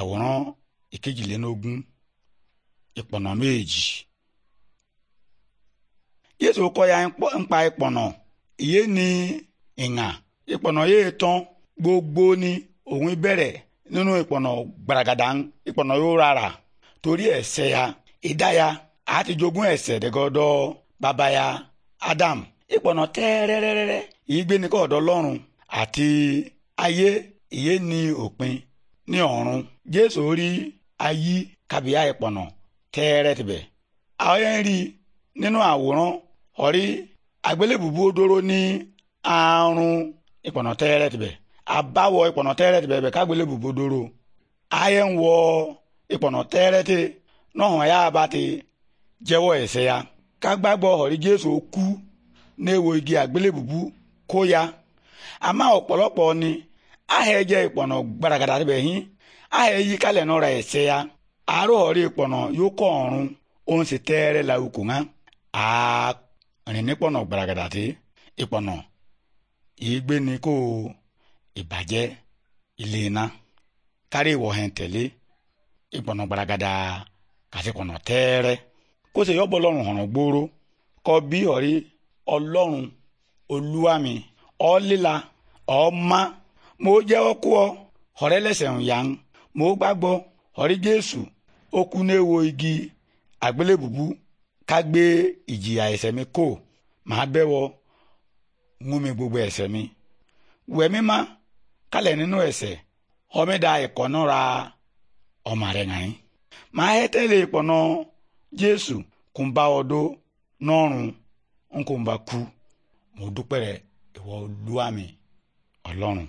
àwòrán ìkejìlélógún ìpọ̀nà méjì jésù kọ́ ya ń ịkpọnọ ìpọ̀nà ìyé ni ìngà ìpọ̀nà yéé tán gbogbo ni òun bẹ̀rẹ̀ nínú ìpọ̀nà gbaragada ìpọ̀nà yóò rárá torí ẹ̀ṣẹ̀ ya ìdáya dẹ́gọ́dọ́ bàbá ya Adam ìpọ̀nà tẹ́ẹ́rẹ́rẹ́rẹ́ ìgbénikọ́ ọ̀dọ́ Ọlọ́run àti ayé ìyé ni òpin ní ọ̀run jésù rí ayí kàbíyá ìpọ̀nà tẹ́ẹ̀rẹ́ tibẹ̀. àwọn yẹn rí nínú àwòrán ọ̀rí àgbélébùbú dúró ní àrùn ìpọ̀nà tẹ́ẹ̀rẹ́ tibẹ̀ àbáwọ ìpọ̀nà tẹ́ẹ̀rẹ́ tibẹ̀ bẹ̀ kágbélébùbú dúró. ayé ń wọ ìpọ̀nà tẹ́ẹ̀rẹ́ tẹ náà hàn yá bá ti jẹ́wọ́ ẹ̀ṣẹ̀ ya. kágbàgbọ́ ọ̀rí jésù kú ní ewo igi àgbélébùbú kó ya. àmọ́ ọ̀pọ̀lọpọ̀ ni aha eje ìpọ̀nà gbaragada ribe yín aha eyi kalẹ̀ nọ ya arụ ọ̀rẹ́ ìpọ̀nà yóò kọ ọrụ. òun tere tẹ́ẹ̀rẹ́ la okùn hàn a rìn nípọ̀nà gbaragada ti ìpọ̀nà ìgbé ni kò ìbàjẹ́ ilé iná kari gbaragada kàti pọ̀nà tẹ́ẹ̀rẹ́ kó mi lila ma. ma ojee okụ horị lesin ya ma o gbagbo hori jesu okwu naewogi agbalbubu kagbee iji ya esemi ko ma abewo wumegbugbeesemi wemma kalenu ese omedaikponora omarianyị ma hetele ikpono jesu komba odo n'oru nkwumbaku maodukpere woluami oloru